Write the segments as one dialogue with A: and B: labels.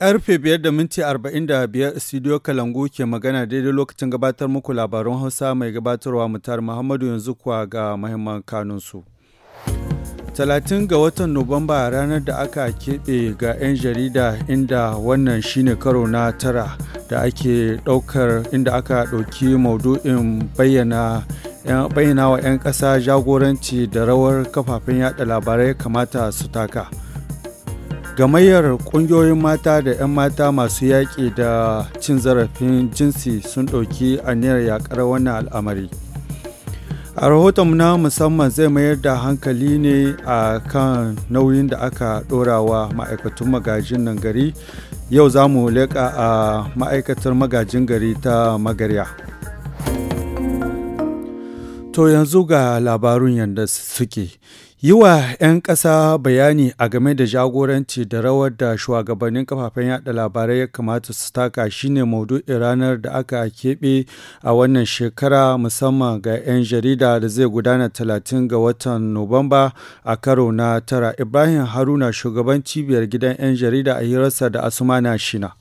A: Karfe biyar da minti biyar studio Kalangu ke magana daidai lokacin gabatar muku labarun Hausa mai gabatarwa mutar Muhammadu yanzu kuwa ga mahimman kanunsu. talatin ga watan Nuwamba ranar da aka keɓe ga 'yan jarida inda wannan shine karo na tara da ake ɗaukar inda aka ɗauki maudu'in bayyana bayyana wa 'yan ƙasa jagoranci da rawar kafafen yada labarai kamata su taka gamayyar ƙungiyoyin mata da 'yan mata masu yaƙi da cin zarafin jinsi sun ɗauki a aniyar yaƙar wannan al'amari a rahoton na musamman zai mayar da hankali ne a kan nauyin da aka ɗorawa ma'aikatun magajin nan gari yau za mu leƙa a ma'aikatar magajin gari ta magarya to yanzu ga labarun yadda suke Yi wa 'yan ƙasa bayani a game da jagoranci da rawar da shugabannin kafafen yada labarai ya kamata su taka shine maudu'in ranar da aka keɓe a wannan shekara musamman ga 'yan jarida da zai gudana 30 ga watan Nuwamba a karo na tara. Ibrahim Haruna shugaban cibiyar gidan 'yan jarida a hirarsa da Asumana Shina.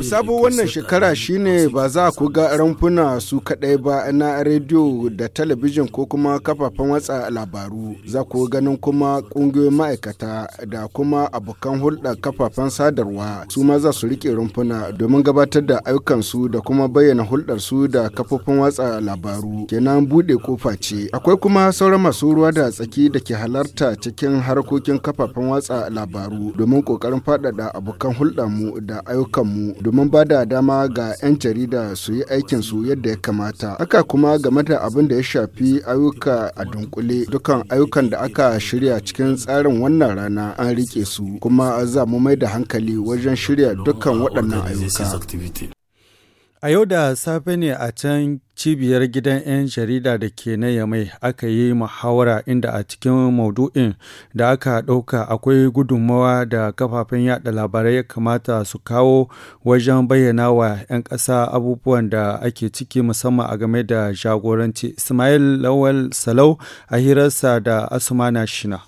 B: sabo wannan shekara shine ba za ku ga rumfuna su kadai ba na rediyo da talabijin ko kuma kafafen watsa labaru za ku ganin kuma kungiyoyin ma'aikata da kuma abokan hulɗa kafafen sadarwa su ma za su rike rumfuna domin gabatar da su da kuma bayyana hulɗar su da kafofin watsa labaru kenan buɗe kofa ce akwai kuma sauran masu ruwa da tsaki da ke halarta cikin harkokin kafafen watsa labaru domin ƙoƙarin faɗaɗa abokan hulɗarmu da ayyukanmu domin ba da dama ga 'yan jarida su yi aikinsu yadda ya kamata. Haka kuma game da abin da ya shafi ayyuka a dunkule dukan ayyukan da aka shirya cikin tsarin wannan rana an rike su kuma za mu mai da hankali wajen shirya dukkan waɗannan ayyuka.
A: A yau da safe ne a can cibiyar gidan 'yan jarida da ke na Yamai aka yi muhawara inda a cikin maudu'in da aka ɗauka akwai gudunmawa da kafafen yada labarai ya kamata su kawo wajen bayyana wa 'yan ƙasa abubuwan da ake ciki musamman a game da jagoranci. Ismail Lawal Salau a hirarsa da Asumana Shina.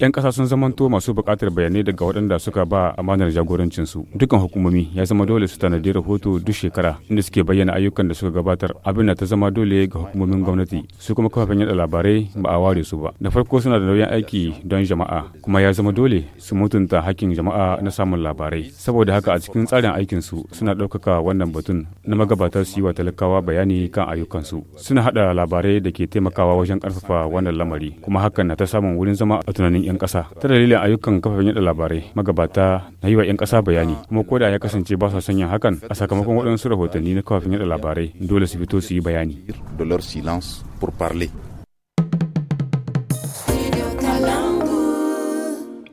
A: 'Yan ƙasa sun zamanto masu bukatar bayanai
B: daga waɗanda suka ba amanar jagorancinsu. Dukan hukumomi ya zama dole su tanadi rahoto duk shekara inda suke bayyana ayyukan da suka gabatar abin da ta zama dole ga hukumomin gwamnati su kuma kafafen yada labarai ba a ware su ba. Da farko suna da nauyin aiki don jama'a kuma ya zama dole su mutunta hakkin jama'a na samun labarai. Saboda haka a cikin tsarin aikin su suna ɗaukaka wannan batun na magabatar su yi wa talakawa bayani kan ayyukansu. Suna haɗa labarai da ke taimakawa wajen ƙarfafa wannan lamari kuma hakan na ta samun wurin zama a tunanin 'yan ƙasa ta dalilin ayyukan kafafen yada labarai magabata na yi wa 'yan ƙasa bayani kuma koda da ya kasance ba sa sanya hakan a sakamakon waɗansu rahotanni na kafafen yada labarai dole su fito su yi bayani.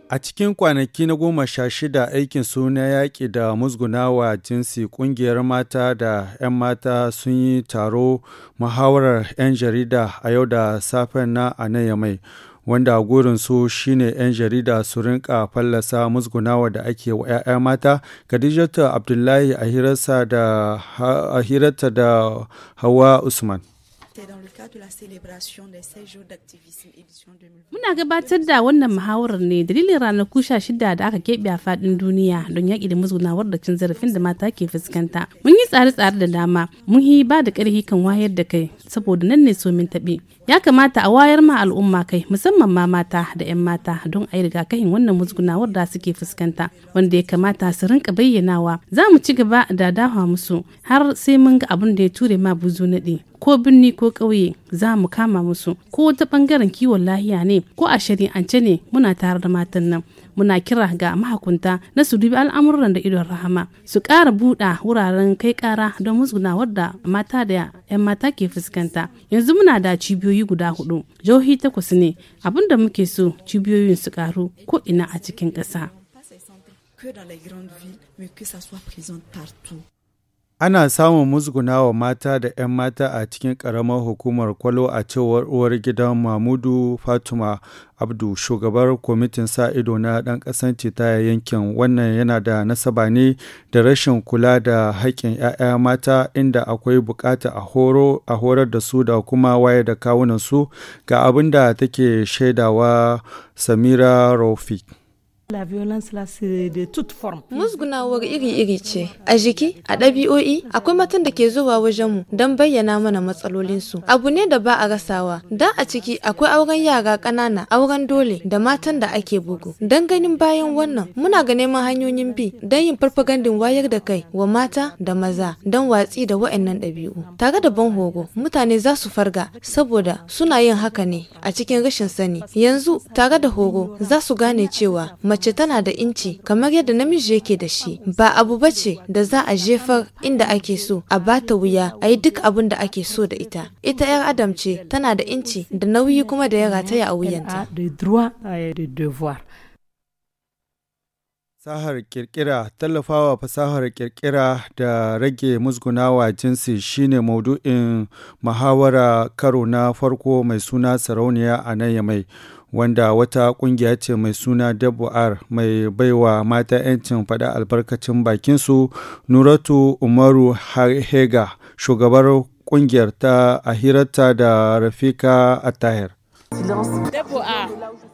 A: A cikin kwanaki na goma sha shida aikin suna yaƙi da musgunawa jinsi ƙungiyar mata da 'yan mata sun yi taro muhawarar 'yan jarida a yau da safen na a anayamai wanda gurinsu shine 'yan jarida su rinka fallasa musgunawa da ake wa 'ya'ya mata. Khadijatu Abdullahi a hirarta da Hawa Usman. c'était dans le cadre de la célébration des
C: 16 jours d'activisme édition 2020. Muna gabatar da wannan muhawarar ne dalilin ranaku 16 da aka keɓe a faɗin duniya don yaƙi da musgunawar da cin zarafin da mata ke fuskanta. Mun yi tsare-tsare da dama, mun yi ba da ƙarfi kan wayar da kai saboda nan ne so min taɓe. Ya kamata a wayar ma al'umma kai musamman ma mata da 'yan mata don a yi rigakafin wannan musgunawar da suke fuskanta wanda ya kamata su rinka bayyanawa. Za mu ci gaba da dawa musu har sai mun ga abin da ya ture ma buzu naɗi. ko birni ko ƙauye za mu kama musu ko ta ɓangaren kiwon lahiya ne ko a shari'ance ne muna tare da matan nan muna kira ga mahakunta na su dubi al'amuran da idon rahama su ƙara buɗa wuraren kai ƙara don musguna da mata da 'yan mata ke fuskanta yanzu muna da cibiyoyi guda hudu jihohi takwas ne abinda muke so cibiyoyin su ƙaru ko ina a cikin ƙasa.
B: que
A: Ana samun musguna wa mata da ‘yan mata a cikin ƙaramar hukumar Kwalo a cewar uwar gidan Mamudu Fatima Abdu, shugabar kwamitin sa-ido na ɗan ƙasan ta yankin. Wannan yana da nasaba ne da rashin kula da haƙƙin ‘ya'ya mata inda akwai buƙata a horo a horar da su da kuma waye da kawunan su ga abin da take shaidawa Samira Rofik.
D: Musgunawar iri-iri ce, a jiki, a ɗabi'o'i, akwai matan da ke zuwa wajen mu don bayyana mana matsalolinsu. Abu ne da ba a rasawa, don a ciki akwai auren yara ƙanana, auren dole da matan da ake bugu. Don ganin bayan wannan, muna ga neman hanyoyin bi don yin farfagandin wayar da kai wa mata da maza don watsi da wa'annan ɗabi'u. Tare da ban hogo, mutane za su farga saboda suna yin haka ne a cikin rashin sani. Yanzu tare da hogo za su gane cewa mace tana da inci kamar yadda namiji yake da shi ba abu bace da za a jefar inda ake so a bata wuya a yi duk abin da ake so da ita ita yar adam ce tana da inci da nauyi kuma da ya rataya a wuyanta
A: fasahar kirkira tallafawa fasahar kirkira da rage musgunawa jinsi shine maudu'in muhawara karo na farko mai suna sarauniya a nan yamai wanda wata kungiya ce mai suna WR mai baiwa mata 'yancin faɗa albarkacin bakinsu Nuratu Umaru Hega shugabar kungiyar ta a da Rafika a Attahir.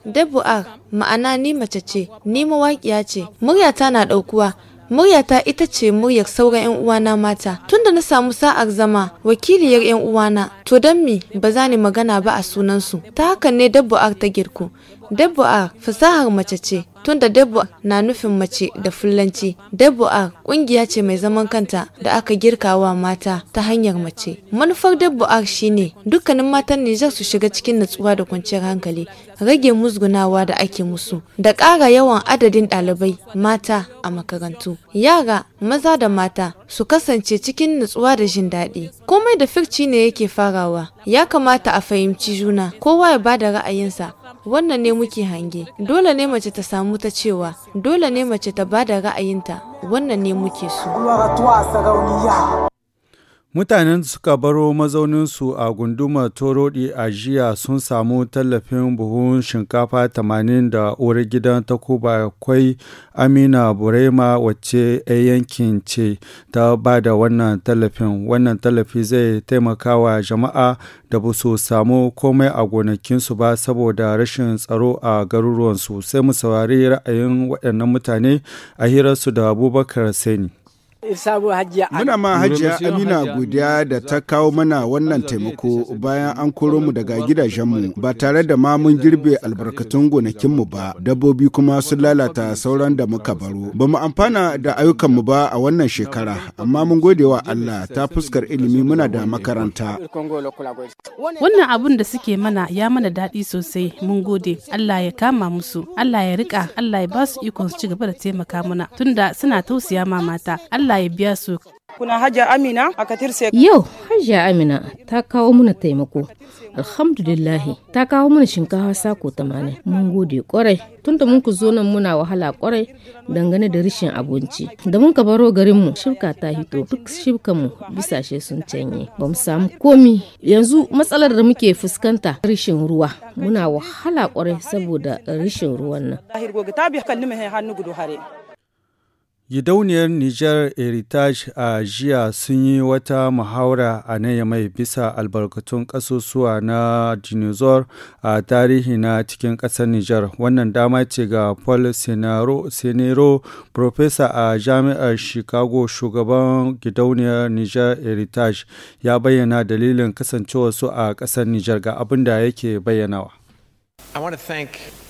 D: Dabu'a ma'ana ni mace ce, ni mawaƙiya ce, muryata na ɗaukuwa, Muryata ita ce muryar sauran 'yan uwana mata. Tunda na samu sa'ar zama wakiliyar 'yan uwana, to don mi ba za ni magana ba a sunansu. Ta hakan ne dabbu'ar ta girku. Dabbu'ar fasahar mace ce, tunda Debo na nufin mace da Fulanci. Debo A ƙungiya ce mai zaman kanta da aka girka wa mata ta hanyar mace. Manufar Debo A shine dukkanin matan Nijar su shiga cikin natsuwa da kwanciyar hankali, rage musgunawa da ake musu, da ƙara yawan adadin ɗalibai mata a makarantu. Yara maza da mata su kasance cikin natsuwa da jin daɗi. Komai da firci ne yake farawa, ya kamata a fahimci juna, kowa ya bada ra'ayinsa. wannan ne muke hange dole ne mace ta samu ta cewa dole ne mace ta bada ra'ayinta wannan ne muke so
A: Mutanen suka baro mazauninsu a gundumar Torodi a jiya sun samu tallafin buhun shinkafa tamanin da uwar gidan takuba kwai Amina Burema wacce 'yan yankin ce ta ba da wannan tallafin. Wannan tallafi zai taimakawa jama'a da ba su samu komai a gonakinsu ba saboda rashin tsaro a garuruwansu. Sai mu saurari ra'ayin waɗannan mutane a hirarsu da Abubakar Sani.
B: Muna ma hajiya Amina godiya da ta kawo mana wannan taimako bayan an koro mu daga gidajen mu ba tare da ma mun girbe albarkatun gonakin mu ba dabbobi kuma sun lalata sauran da muka baro. Ba mu amfana da ayyukanmu ba a wannan shekara amma mun gode wa Allah ta fuskar ilimi muna da makaranta.
C: Wannan abun da suke mana ya mana daɗi sosai mun gode Allah ya kama musu Allah ya rika Allah ya ba su ikon su ci gaba da taimaka mana tunda suna tausaya ma mata Allah Allah ya biya su kuna hajja amina a yau hajja amina ta kawo mana taimako alhamdulillahi ta kawo mana shinkafa sako tamanin mun gode kwarai tunda mun ku zo nan muna wahala kwarai dangane da rashin abinci da mun ka baro garin mu shirka ta hito duk shirkan mu bisashe sun canye ba mu samu komi yanzu matsalar da muke fuskanta rashin ruwa muna wahala kwarai saboda rashin ruwan nan hannu
A: Gidauniyar Niger Heritage a jiya sun yi wata muhawara a nan mai bisa albarkatun ƙasusuwa na dinosaur a tarihi na cikin ƙasar Niger. Wannan dama ce ga Paul Senero, Profesa a Jami'ar Chicago, shugaban Gidauniyar Niger Heritage, ya bayyana dalilin kasancewarsu a ƙasar Niger ga abin da yake bayyanawa.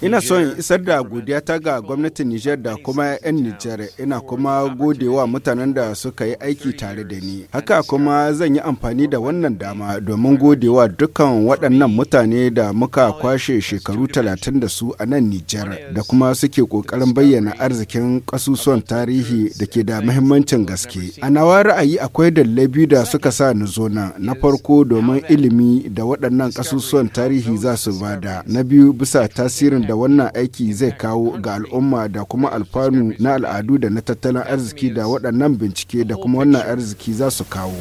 B: Ina son isar da godiya ta ga gwamnatin Nijar da kuma 'yan Nijar ina kuma godewa mutanen da suka yi aiki tare da ni. Haka kuma zan yi amfani da wannan dama domin godewa dukkan waɗannan mutane da muka kwashe shekaru talatin da su a nan Nijar da kuma suke ƙoƙarin bayyana arzikin ƙasusuwan tarihi da ke da muhimmancin gaske. A nawa ra'ayi akwai dalilai da suka sa ni zo nan. Na farko domin ilimi da waɗannan ƙasusuwan tarihi za su bada. Na biyu bisa tasirin da da wannan aiki zai kawo ga al'umma da kuma alfanu na al'adu da na tattalin arziki da waɗannan bincike da kuma wannan arziki za su kawo.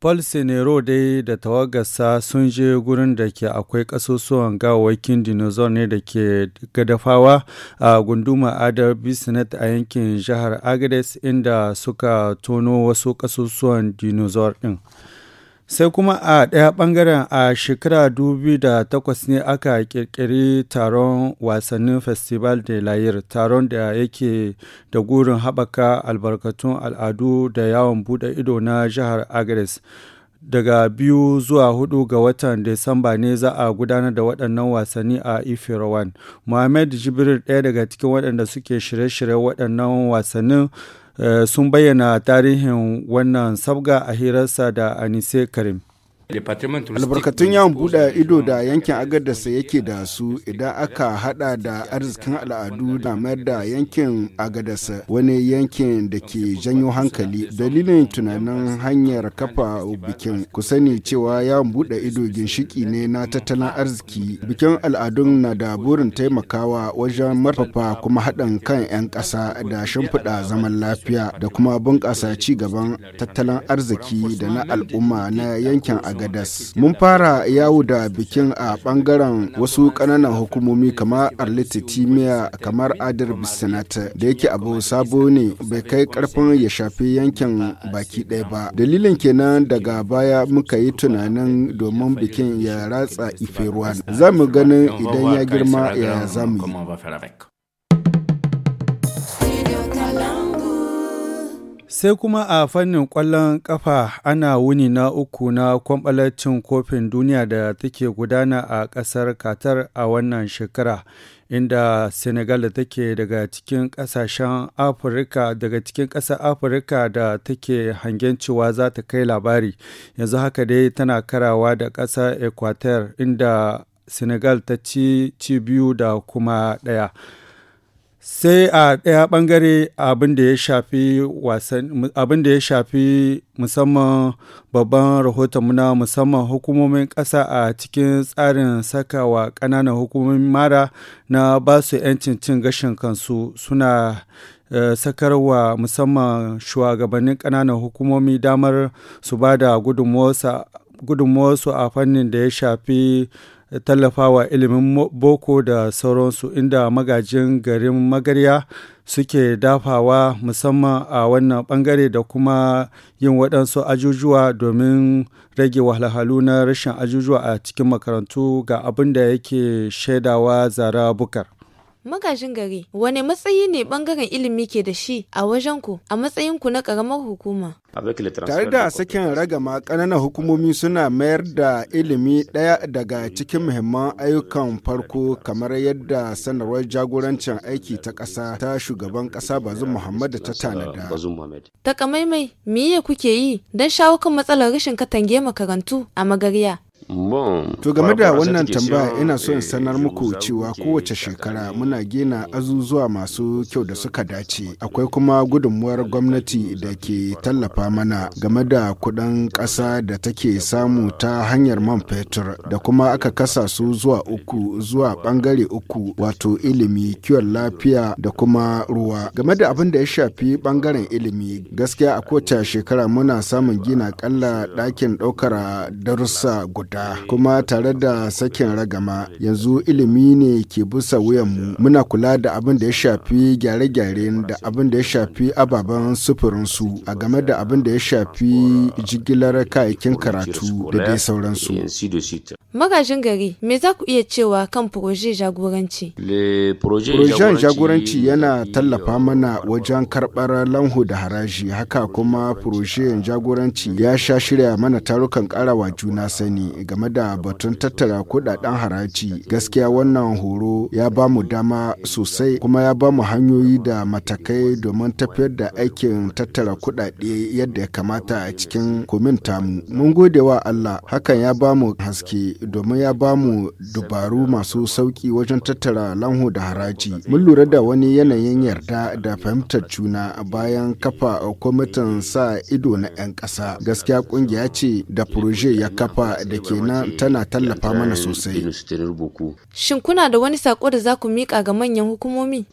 A: Paul Senero dai da tawagarsa sun je gurin da ke akwai ƙasusuwan gawawakin dinozor ne da ke gadafawa a gunduma Adar Bisnet a yankin jihar Agades inda suka tono wasu ƙasusuwan dinosaur ɗin. sai kuma a ɗaya ɓangaren a shekara 2008 ne aka ƙirƙiri taron wasannin festival de layir taron da yake da gurin haɓaka albarkatun al'adu da yawon buɗe ido na jihar agres daga biyu zuwa hudu ga watan Disamba ne za a gudanar da waɗannan wasanni a Ifirawan. Mohamed Jibril ɗaya daga cikin waɗanda suke shirye-shirye waɗannan wasannin Eh, sun bayyana tarihin wannan sabga a hirarsa da Anise Karim. albarkatun yawon
B: buɗe ido da yankin agadarsa yake da su idan aka hada da arzikin al'adu da mayar da yankin agadarsa wani yankin da ke janyo hankali dalilin tunanin hanyar kafa bikin ku sani cewa yawon buɗe ido ginshiki ne na tattalin arziki bikin al'adun na da burin taimakawa wajen marfafa kuma haɗin kan 'yan ƙasa da shimfiɗa zaman lafiya da kuma bunƙasa ci gaban tattalin arziki da na al'umma na yankin agadarsa Agadas. Mun fara yawo da bikin a bangaren wasu kananan hukumomi kamar Arlita Timiya kamar Adar Bisanata da yake abu sabo ne bai kai karfin ya shafi yankin baki ɗaya ba. Dalilin kenan daga baya muka yi tunanin domin bikin ya ratsa Ife Za mu ganin idan ya girma ya zamu
A: Sai kuma a fannin ƙwallon ƙafa ana wuni na uku na kwamɓalar cin kofin duniya da take gudana a ƙasar Qatar a wannan shekara, inda Senegal da take daga cikin ƙasashen Afirka daga cikin ƙasar Afirka da take hangen cewa za ta kai labari. Yanzu haka dai tana karawa da ƙasar ecuador inda Senegal ta ci ci biyu da kuma ɗaya. sai a ɗaya ɓangare abin da ya shafi musamman babban rahotonmu na musamman hukumomin ƙasa a cikin tsarin saka wa ƙananan hukumomin mara na ba su 'yancin cin gashin kansu suna eh, sakarwa musamman shugabannin ƙananan hukumomi damar su ba da gudunmuwarsu a fannin da ya shafi tallafawa ilimin boko da sauransu inda magajin garin magarya suke dafawa musamman a wannan bangare da kuma yin waɗansu ajujuwa domin rage wahalhalu na rashin ajujuwa a cikin makarantu ga abin da yake shaidawa zara bukar
D: magajin gari wane matsayi ne bangaren ilimi ke da shi a wajen ku a matsayin ku na karamar hukuma
C: tare da
B: sakin ragama kananan hukumomi suna mayar da ilimi ɗaya daga cikin muhimman ayyukan farko kamar yadda sanarwar jagorancin aiki ta ƙasa ta shugaban ƙasa bazum muhammad ta tanada
D: takamaimai miye kuke yi don shawo kan matsalar rashin katange makarantu a magarya
B: To game da wannan tambaya ina so in sanar eh, muku cewa kowace shekara muna gina azuzuwa masu kyau da suka dace. Akwai kuma gudunmuwar gwamnati da ke tallafa mana game da kuɗin ƙasa da take samu ta hanyar man eh, fetur eh, da kuma aka kasa su zuwa uku zuwa bangare uku wato ilimi, kiwon lafiya da kuma ruwa. Game da abin da ya shafi ɓangaren ilimi gaskiya a kowace shekara muna samun gina ɗakin ɗaukar darussa guda. guda kuma tare da sakin ragama yanzu ilimi ne ke busa wuyanmu muna kula da abin da ya shafi gyare-gyaren da abin da ya shafi ababen sufurinsu a game da abin da ya shafi jigilar kayakin karatu da dai sauransu.
D: Magajin gari, me za ku iya cewa kan proje jagoranci?
B: Projen jagoranci yana tallafa mana wajen karɓar lanhu da haraji, haka kuma projen jagoranci ya sha shirya mana tarukan ƙarawa juna sani game da batun tattara kudaden haraji gaskiya wannan horo ya ba mu dama sosai kuma ya ba mu hanyoyi da matakai domin tafiyar da aikin tattara kudade yadda ya kamata a cikin komin tamu mun gode wa Allah hakan ya ba mu haske domin ya ba mu dubaru masu sauki wajen tattara lanho da haraji mun lura da wani yanayin yarda da fahimtar juna bayan kafa kwamitin sa ido na 'yan ƙasa gaskiya kungiya ce da ya kafa da kenan tana tallafa mana sosai.
D: Shin kuna da wani sako da za ku mika ga manyan hukumomi?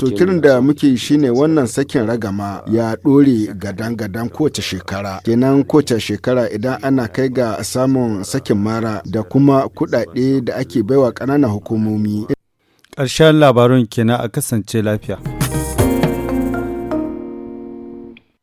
B: To kirin da muke shine wannan sakin ragama ya ɗore gadan-gadan kowace shekara. Kenan kowace shekara idan ana kai ga samun sakin mara da kuma kuɗaɗe da ake baiwa ƙananan hukumomi.
A: karshen labarun kenan a kasance lafiya.